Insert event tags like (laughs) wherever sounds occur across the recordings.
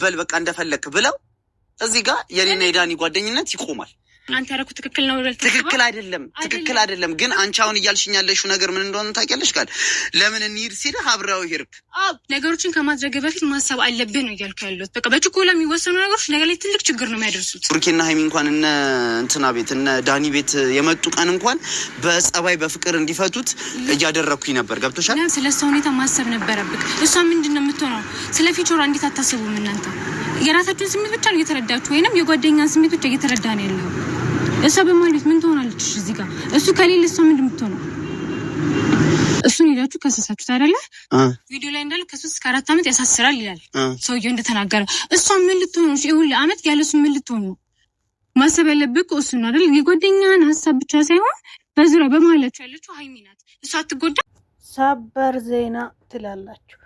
በል በቃ እንደፈለክ ብለው እዚህ ጋር የኔና የዳኒ ጓደኝነት ይቆማል። አንተ ያረኩ ትክክል ነው። ትክክል አይደለም፣ ትክክል አይደለም። ግን አንቺ አሁን እያልሽኝ ያለሽው ነገር ምን እንደሆነ ታውቂያለሽ? ቃል ለምን እንሂድ ሲል አብረው ሄድክ። ነገሮችን ከማድረግ በፊት ማሰብ አለብህ ነው እያልኩ ያለሁት። በቃ በችኮላ የሚወሰኑ ነገሮች ነገር ላይ ትልቅ ችግር ነው የሚያደርሱት። ቱርኪና ሀይሚ እንኳን እነ እንትና ቤት እነ ዳኒ ቤት የመጡ ቀን እንኳን በጸባይ በፍቅር እንዲፈቱት እያደረግኩኝ ነበር። ገብቶሻል? ስለ ስለሷ ሁኔታ ማሰብ ነበረብክ። እሷ ምንድን ነው የምትሆነው? ስለ ፊቸሯ እንዴት አታስቡም እናንተ? የራሳችሁን ስሜት ብቻ ነው እየተረዳችሁ ወይንም የጓደኛን ስሜት ብቻ እየተረዳ ነው ያለው እሷ በማለት ቤት ምን ትሆናለች? እዚህ ጋር እሱ ከሌለ እሷ ምንድን የምትሆነው? እሱን ሄዳችሁ ከሰሳችሁት አይደለ? ቪዲዮ ላይ እንዳለ ከሶስት እስከ አራት ዓመት ያሳስራል ይላል ሰውየው እንደተናገረ። እሷ ምን ልትሆኑ ሁሉ ዓመት ያለሱ ምን ልትሆኑ ማሰብ ያለብህ እሱ ነው አይደል? የጓደኛህን ሀሳብ ብቻ ሳይሆን በዙሪያ በመሀላችሁ ያለችው ሀይሚ ናት። እሷ አትጎዳ። ሰበር ዜና ትላላችሁ።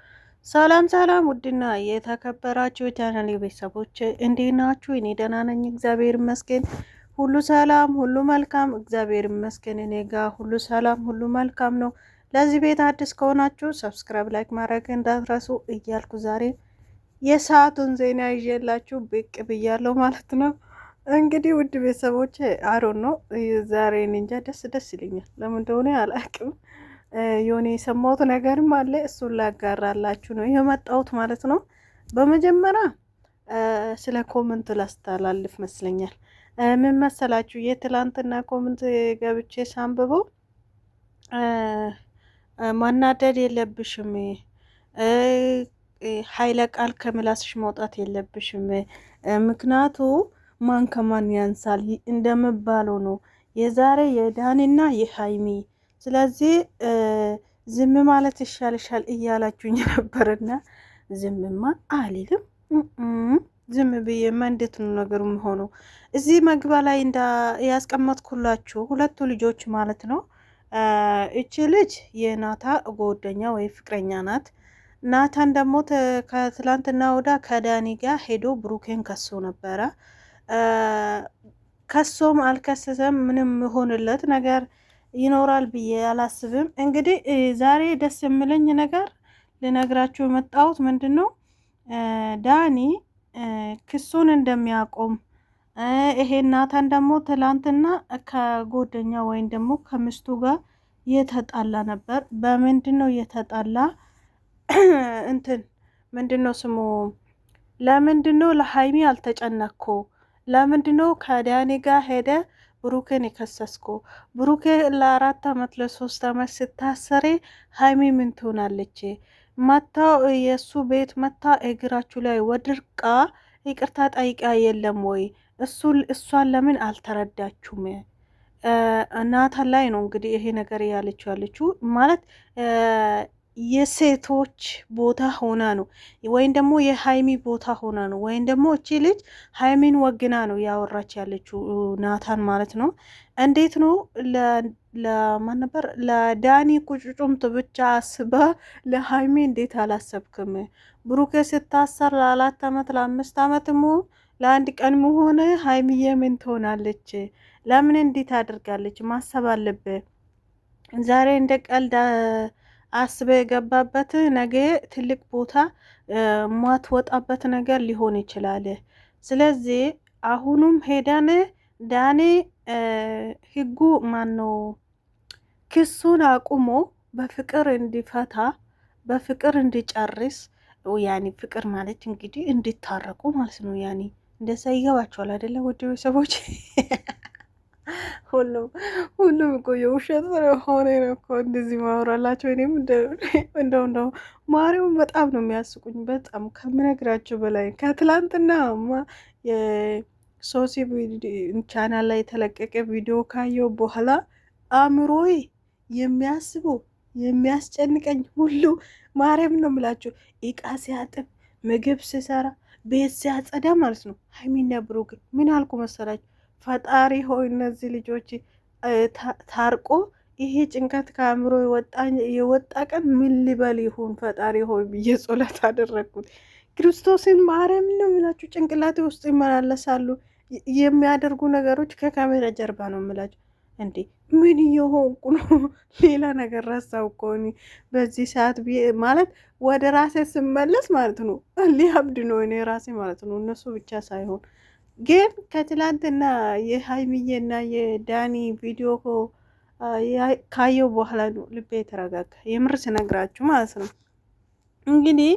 ሰላም ሰላም፣ ውድና የተከበራችሁ የቻናሌ ቤተሰቦች እንዴት ናችሁ? እኔ ደህና ነኝ፣ እግዚአብሔር ይመስገን። ሁሉ ሰላም፣ ሁሉ መልካም፣ እግዚአብሔር ይመስገን። እኔ ጋር ሁሉ ሰላም፣ ሁሉ መልካም ነው። ለዚህ ቤት አዲስ ከሆናችሁ ሰብስክራይብ፣ ላይክ ማድረግ እንዳትረሱ እያልኩ ዛሬ የሰዓቱን ዜና ይዤላችሁ ብቅ ብያለሁ ማለት ነው። እንግዲህ ውድ ቤተሰቦች አሮን ነው ዛሬ እንጃ ደስ ደስ ይለኛል። ለምን እንደሆነ አላቅም። የሆነ የሰማሁት ነገርም አለ እሱን ላጋራላችሁ ነው የመጣሁት ማለት ነው። በመጀመሪያ ስለ ኮመንት ላስተላልፍ መስለኛል ምን መሰላችሁ የትላንትና ኮምንት ገብቼ ሳንብበው ማናደድ የለብሽም ኃይለ ቃል ከምላስሽ መውጣት የለብሽም ምክንያቱ ማን ከማን ያንሳል እንደምባለው ነው የዛሬ የዳንና የሀይሚ ስለዚህ ዝም ማለት ይሻልሻል እያላችሁኝ ነበርና ዝምማ አልልም ዝም ብዬማ እንዴት ነው ነገሩ የሚሆነው? እዚህ መግባ ላይ እንዳ ያስቀመጥኩላችሁ ሁለቱ ልጆች ማለት ነው። እቺ ልጅ የናታ ጓደኛ ወይ ፍቅረኛ ናት። ናታን ደግሞ ከትላንትና ወዳ ከዳኒ ጋር ሄዶ ብሩኬን ከሶ ነበረ። ከሶም አልከሰሰም ምንም ሆንለት ነገር ይኖራል ብዬ አላስብም። እንግዲህ ዛሬ ደስ የምለኝ ነገር ልነግራችሁ የመጣሁት ምንድን ነው ዳኒ ክሱን እንደሚያቆም ይሄ ናታን ደግሞ ትላንትና ከጎደኛ ወይም ደግሞ ከምስቱ ጋር የተጣላ ነበር። በምንድን ነው የተጣላ? (clears throat) እንትን ምንድን ነው ስሙ? ለምንድን ነው ለሀይሚ አልተጨነኩ? ለምንድን ነው ከዳኒ ጋር ሄደ ብሩክን የከሰስኩ? ብሩክ ለአራት አመት ለሶስት አመት ስታሰሬ ሀይሚ ምን ትሆናለች? መታ የእሱ ቤት መታ እግራችሁ ላይ ወድርቃ ይቅርታ ጠይቃ የለም ወይ? እሷን ለምን አልተረዳችሁም? ናታን ላይ ነው እንግዲህ ይሄ ነገር ያለችው ያለችው ማለት የሴቶች ቦታ ሆና ነው ወይም ደግሞ የሀይሚ ቦታ ሆና ነው ወይም ደግሞ እቺ ልጅ ሀይሚን ወግና ነው ያወራች ያለችው ናታን ማለት ነው። እንዴት ነው ለማን ነበር ለዳኒ ቁጭጩምት ብቻ አስበ ለሀይሚ እንዴት አላሰብክም? ብሩኬ ስታሰር ለአራት አመት ለአምስት አመት ለአንድ ቀን መሆነ ሀይሚዬ ምን ትሆናለች? ለምን እንዴት አድርጋለች? ማሰብ አለብህ። ዛሬ እንደ ቀልድ አስበ የገባበት ነገ ትልቅ ቦታ ማትወጣበት ነገር ሊሆን ይችላል። ስለዚህ አሁኑም ሄደን ዳኔ ህጉ ማነው ክሱን አቁሞ በፍቅር እንዲፈታ በፍቅር እንዲጨርስ ያኒ ፍቅር ማለት እንግዲህ እንዲታረቁ ማለት ነው። ያኒ እንደዛ ይገባቸዋል ወደ ሰዎች (laughs) ሁሉም ሁሉም እኮ የውሸት ስለሆነ ነው እኮ እንደዚህ ማውራላቸው። እኔም እንደው እንደው ማሪውን በጣም ነው የሚያስቁኝ፣ በጣም ከምነግራቸው በላይ ከትላንትና ማ የሶሲ ቻናል ላይ የተለቀቀ ቪዲዮ ካየው በኋላ አእምሮዬ የሚያስቡ የሚያስጨንቀኝ ሁሉ ማርያም ነው የምላቸው። እቃ ሲያጥብ፣ ምግብ ሲሰራ፣ ቤት ሲያጸዳ ማለት ነው። ሀይሚና ብሩክ ምን አልኩ መሰላችሁ? ፈጣሪ ሆይ እነዚህ ልጆች ታርቆ ይሄ ጭንቀት ከአእምሮ የወጣ ቀን ምን ሊበል ይሁን ፈጣሪ ሆይ ብዬ ጸሎት አደረግኩት። ክርስቶስን ማርያም ነው የምላችሁ፣ ጭንቅላቴ ውስጥ ይመላለሳሉ የሚያደርጉ ነገሮች ከካሜራ ጀርባ ነው የምላችሁ። እንዴ ምን እየሆንኩ ነው? ሌላ ነገር ረሳው ከሆኒ በዚህ ሰዓት ማለት ወደ ራሴ ስመለስ ማለት ነው ሊያብድ ነው እኔ ራሴ ማለት ነው እነሱ ብቻ ሳይሆን ግን ከትላንትና የሀይሚዬና የዳኒ ቪዲዮ ካየው በኋላ ነው ልቤ የተረጋጋ። የምር ስነግራችሁ ማለት ነው። እንግዲህ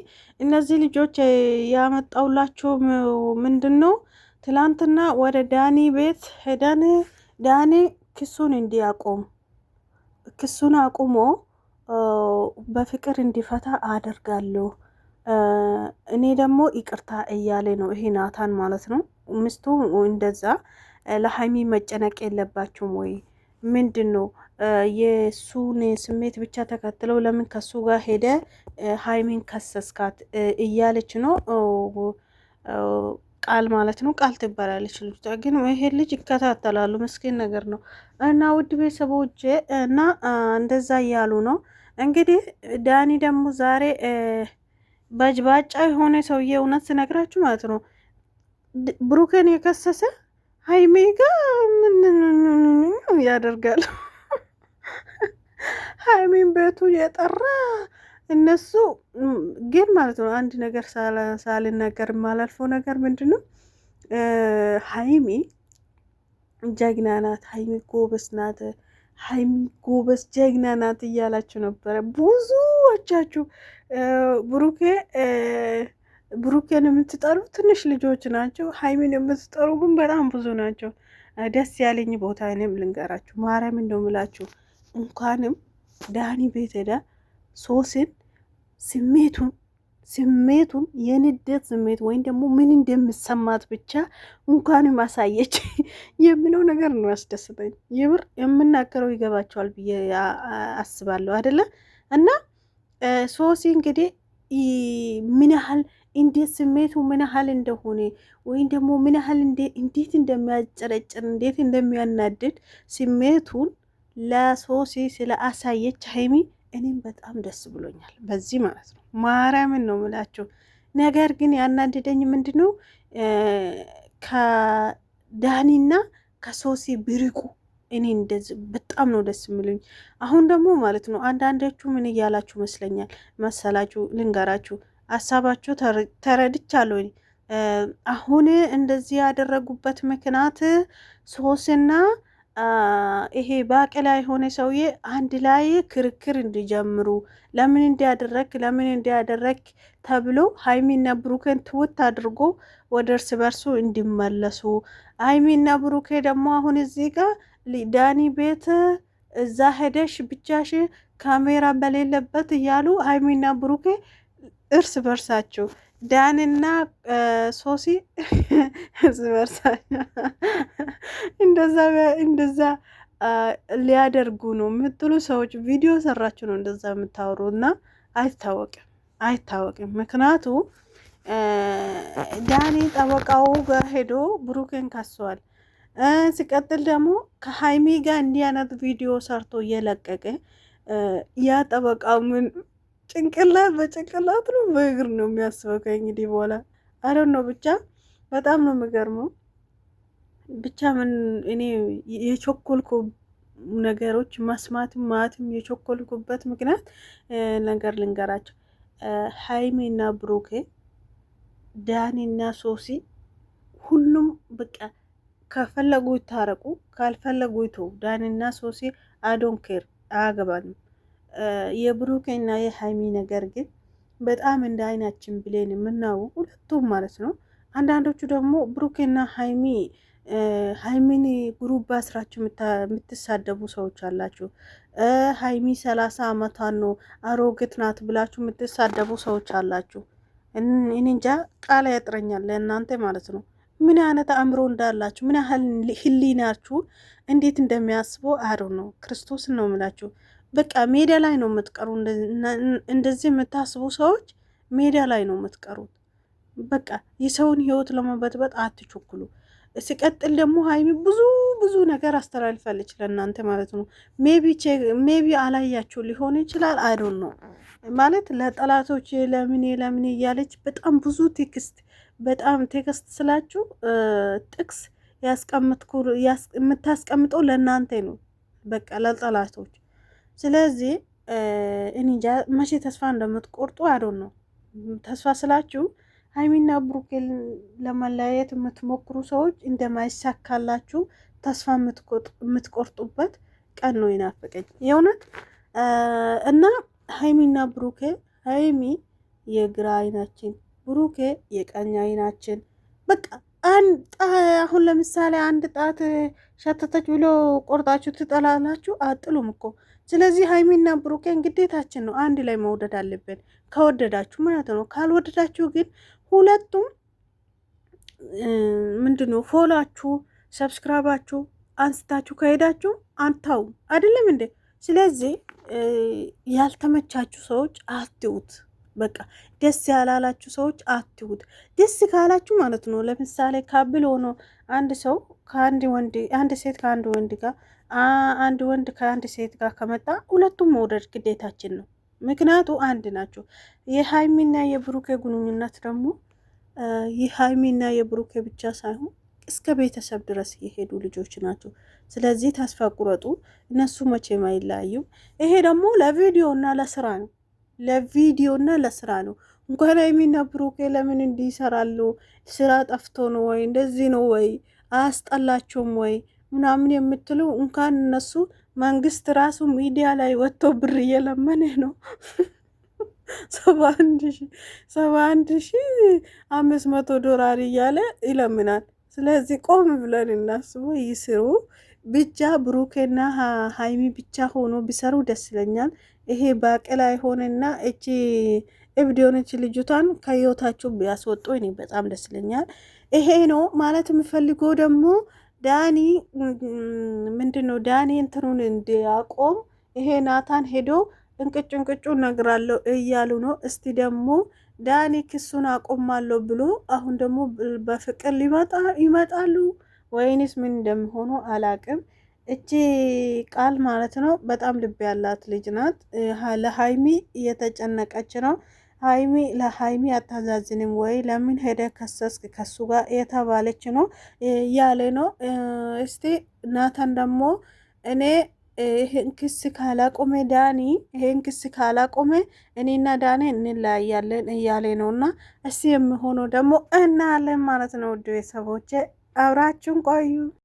እነዚህ ልጆች ያመጣውላቸው ምንድን ነው? ትላንትና ወደ ዳኒ ቤት ሄደን ዳኒ ክሱን እንዲያቆም ክሱን አቁሞ በፍቅር እንዲፈታ አደርጋለሁ እኔ ደግሞ ይቅርታ እያለ ነው ይሄ ናታን ማለት ነው። ምስቱ እንደዛ ለሀይሚ መጨነቅ የለባችሁም ወይ? ምንድን ነው የሱን ስሜት ብቻ ተከትለው ለምን ከሱ ጋር ሄደ ሀይሚን ከሰስካት እያለች ነው ቃል ማለት ነው። ቃል ትባላለች። ልጅቷ ግን ይሄ ልጅ ይከታተላሉ። ምስኪን ነገር ነው። እና ውድ ቤተሰቦች እና እንደዛ እያሉ ነው እንግዲህ። ዳኒ ደግሞ ዛሬ በጅባጫ የሆነ ሰውዬ እውነት ስነግራችሁ ማለት ነው ብሩክን የከሰሰ ሀይሜ ጋር ያደርጋል? (laughs) ሀይሜን ቤቱ የጠራ እነሱ ግን ማለት ነው። አንድ ነገር ሳልናገር የማላልፈው ነገር ምንድን ነው፣ ሀይሜ ጀግና ናት፣ ሀይሜ ጎበስ ናት፣ ሀይሚ ጎበስ ጀግና ናት እያላችሁ ነበረ ብዙዎቻችሁ ብሩኬ ብሩኬን የምትጠሉ ትንሽ ልጆች ናቸው። ሀይሚን የምትጠሩ ግን በጣም ብዙ ናቸው። ደስ ያለኝ ቦታ እኔም ልንገራችሁ፣ ማርያም እንደምላችሁ እንኳንም ዳኒ ቤተዳ ሶስን ስሜቱን ስሜቱን የንደት ስሜት ወይም ደግሞ ምን እንደምሰማት ብቻ እንኳንም አሳየች (laughs) የሚለው ነገር ነው ያስደስተኝ። ይብር የምናገረው ይገባቸዋል ብዬ አስባለሁ። አይደለም እና ሶሲ እንግዲህ ምን ያህል እንዴት ስሜቱ ምን ያህል እንደሆነ ወይም ደግሞ ምን ያህል እንዴት እንደሚያጨረጭር እንዴት እንደሚያናድድ ስሜቱን ለሶሲ ስለ አሳየች ሀይሚ እኔም በጣም ደስ ብሎኛል፣ በዚህ ማለት ነው። ማርያምን ነው ምላችሁ። ነገር ግን ያናድደኝ ምንድን ነው ከዳኒና ከሶሲ ብርቁ እኔ እንደዚህ በጣም ነው ደስ የሚሉኝ። አሁን ደግሞ ማለት ነው አንዳንዶቹ ምን እያላችሁ መስለኛል መሰላችሁ ልንገራችሁ ሀሳባቸው ተረድቻለሁኝ። አሁን እንደዚህ ያደረጉበት ምክንያት ሶስና ይሄ ባቄላ የሆነ ሰውዬ አንድ ላይ ክርክር እንዲጀምሩ ለምን እንዲያደረግ ለምን እንዲያደረግ ተብሎ ሀይሚና ብሩኬን ትውት አድርጎ ወደ እርስ በርሱ እንዲመለሱ ሀይሚና ብሩኬ ደግሞ አሁን እዚህ ጋር ዳኒ ቤት እዛ ሄደሽ ብቻሽ ካሜራ በሌለበት እያሉ ሀይሚና ብሩኬ እርስ በርሳችሁ ዳንና ሶሲ (laughs) እርስ በርሳችሁ (laughs) እንደዛ ሊያደርጉ ነው የምትሉ ሰዎች ቪዲዮ ሰራችሁ ነው እንደዛ የምታወሩ እና አይታወቅም፣ አይታወቅም። ምክንያቱ ዳኒ ጠበቃው ጋር ሄዶ ብሩክን ከሷል ሲቀጥል ደግሞ ከሀይሚ ጋር እንዲህ አይነት ቪዲዮ ሰርቶ እየለቀቀ ያ ጠበቃው ምን ጭንቅላት በጭንቅላት ነው በእግር ነው የሚያስበው። ከእንግዲህ በኋላ አረን ነው ብቻ በጣም ነው የምገርመው። ብቻ ምን እኔ የቸኮልኩ ነገሮች መስማትም ማትም የቸኮልኩበት ምክንያት ነገር ልንገራቸው። ሀይሜ ሀይሜና ብሩኬ፣ እና ሶሲ ሁሉም በቃ ከፈለጉ ይታረቁ፣ ካልፈለጉ ይተው። እና ሶሲ አዶንኬር አያገባንም። የብሩኬና የሀይሚ ነገር ግን በጣም እንደ አይናችን ብሌን የምናው ሁለቱም ማለት ነው። አንዳንዶቹ ደግሞ ብሩኬና ሀይሚ ሀይሚን ጉሩባ ስራችሁ የምትሳደቡ ሰዎች አላችሁ። ሀይሚ ሰላሳ አመቷን ነው አሮጌት ናት ብላችሁ የምትሳደቡ ሰዎች አላችሁ። እንንጃ ቃል ያጥረኛል ለእናንተ ማለት ነው። ምን አይነት አእምሮ እንዳላችሁ ምን ያህል ህሊናችሁ እንዴት እንደሚያስበው አዶ ነው። ክርስቶስን ነው ምላችሁ በቃ ሜዳ ላይ ነው የምትቀሩ። እንደዚህ የምታስቡ ሰዎች ሜዳ ላይ ነው የምትቀሩት። በቃ የሰውን ህይወት ለመበጥበጥ አትቸኩሉ። ሲቀጥል ደግሞ ሀይሚ ብዙ ብዙ ነገር አስተላልፋለች ለእናንተ ማለት ነው። ሜቢ አላያችሁ ሊሆን ይችላል። አይዶን ነው ማለት ለጠላቶች ለምኔ ለምኔ እያለች በጣም ብዙ ቴክስት በጣም ቴክስት ስላችሁ ጥቅስ የምታስቀምጠው ለእናንተ ነው። በቃ ለጠላቶች ስለዚህ እኔጃ መቼ ተስፋ እንደምትቆርጡ አዶን ነው። ተስፋ ስላችሁ ሀይሚና ብሩኬ ለመለያየት የምትሞክሩ ሰዎች እንደማይሳካላችሁ ተስፋ የምትቆርጡበት ቀን ነው ይናፍቀኝ የእውነት እና ሀይሚና ብሩኬ ሀይሚ የግራ አይናችን ብሩኬ የቀኝ አይናችን በቃ አሁን ለምሳሌ አንድ ጣት ሸተተች ብሎ ቆርጣችሁ ትጠላላችሁ። አጥሉም እኮ ስለዚህ ሀይሚና ብሩኬን ግዴታችን ነው አንድ ላይ መውደድ አለብን፣ ከወደዳችሁ ማለት ነው። ካልወደዳችሁ ግን ሁለቱም ምንድን ነው ፎላችሁ፣ ሰብስክራይባችሁ አንስታችሁ ከሄዳችሁ አንታው አይደለም እንዴ? ስለዚህ ያልተመቻችሁ ሰዎች አትዩት። በቃ ደስ ያላላችሁ ሰዎች አትዩት። ደስ ካላችሁ ማለት ነው። ለምሳሌ ካብል ሆኖ አንድ ሰው ከአንድ ወንድ አንድ ሴት ከአንድ ወንድ ጋር አንድ ወንድ ከአንድ ሴት ጋር ከመጣ ሁለቱም መውደድ ግዴታችን ነው። ምክንያቱ አንድ ናቸው። የሀይሚና የብሩኬ ግንኙነት ደግሞ የሀይሚና የብሩኬ ብቻ ሳይሆን እስከ ቤተሰብ ድረስ የሄዱ ልጆች ናቸው። ስለዚህ ተስፋ ቁረጡ። እነሱ መቼም አይለያዩም። ይሄ ደግሞ እና ለስራ ነው። እና ለስራ ነው። እንኳን ሀይሚና ብሩኬ ለምን እንዲሰራሉ? ስራ ጠፍቶ ነው ወይ? እንደዚህ ነው ወይ? አያስጠላቸውም ወይ? ምናምን የምትለው እንኳን እነሱ መንግስት ራሱ ሚዲያ ላይ ወጥቶ ብር እየለመነ ነው። ሰባ አንድ ሺ አምስት መቶ ዶላር እያለ ይለምናል። ስለዚህ ቆም ብለን እናስቡ፣ ይስሩ። ብቻ ብሩኬና ሀይሚ ብቻ ሆኖ ቢሰሩ ደስ ይለኛል። ይሄ ባቄላ የሆነና እቺ እብድ የሆነች ልጅቷን ከህይወታችሁ ቢያስወጡ እኔ በጣም ደስ ይለኛል። ይሄ ነው ማለት የምፈልገው ደግሞ ዳኒ ምንድን ነው ዳኒ እንትኑን እንዲያቆም ይሄ ናታን ሄዶ እንቅጭ እንቅጩ ነግራለሁ እያሉ ነው። እስቲ ደግሞ ዳኒ ክሱን አቆማለሁ ብሎ አሁን ደግሞ በፍቅር ይመጣሉ ወይንስ ምን እንደሚሆኑ አላቅም። እቺ ቃል ማለት ነው በጣም ልብ ያላት ልጅ ናት። ለሀይሚ እየተጨነቀች ነው። ሀይሚ ለሀይሚ አታዛዝንም ወይ? ለምን ሄደ ከሰስክ ከሱ ጋር የተባለች ነው ያለ ነው። እስቲ ናታን ደግሞ እኔ ይህን ክስ ካላቆመ ዳኒ ይህን ክስ ካላቆመ እኔና ዳኒ እንለያያለን እያለ ነው። እና እስቲ የሚሆነው ደግሞ እናያለን ማለት ነው። ውድ ቤተሰቦቼ አብራችሁን ቆዩ።